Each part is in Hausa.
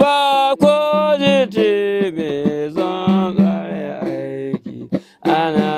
ba ko jiti mai zan aiki ana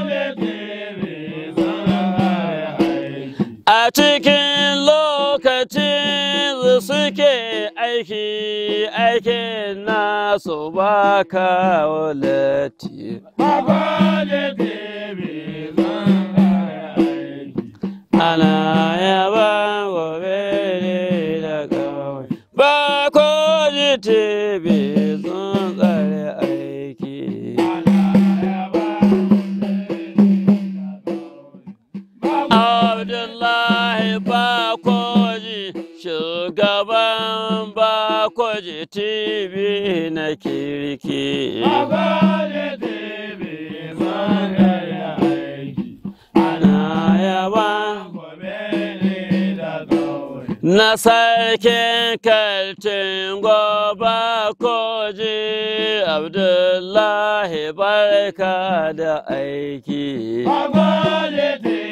cikin lokacin suke aiki aikin nasu ba kawo latti. Baba da bebe zan aiki. Ana yaba gobe ne da kawai. Ba ko ji tebe Abdullahi Bakoji shugaban Bakoji TV na kirki. Na sarkin kaltin goba koji Abdullahi barka da aiki. Abdullahi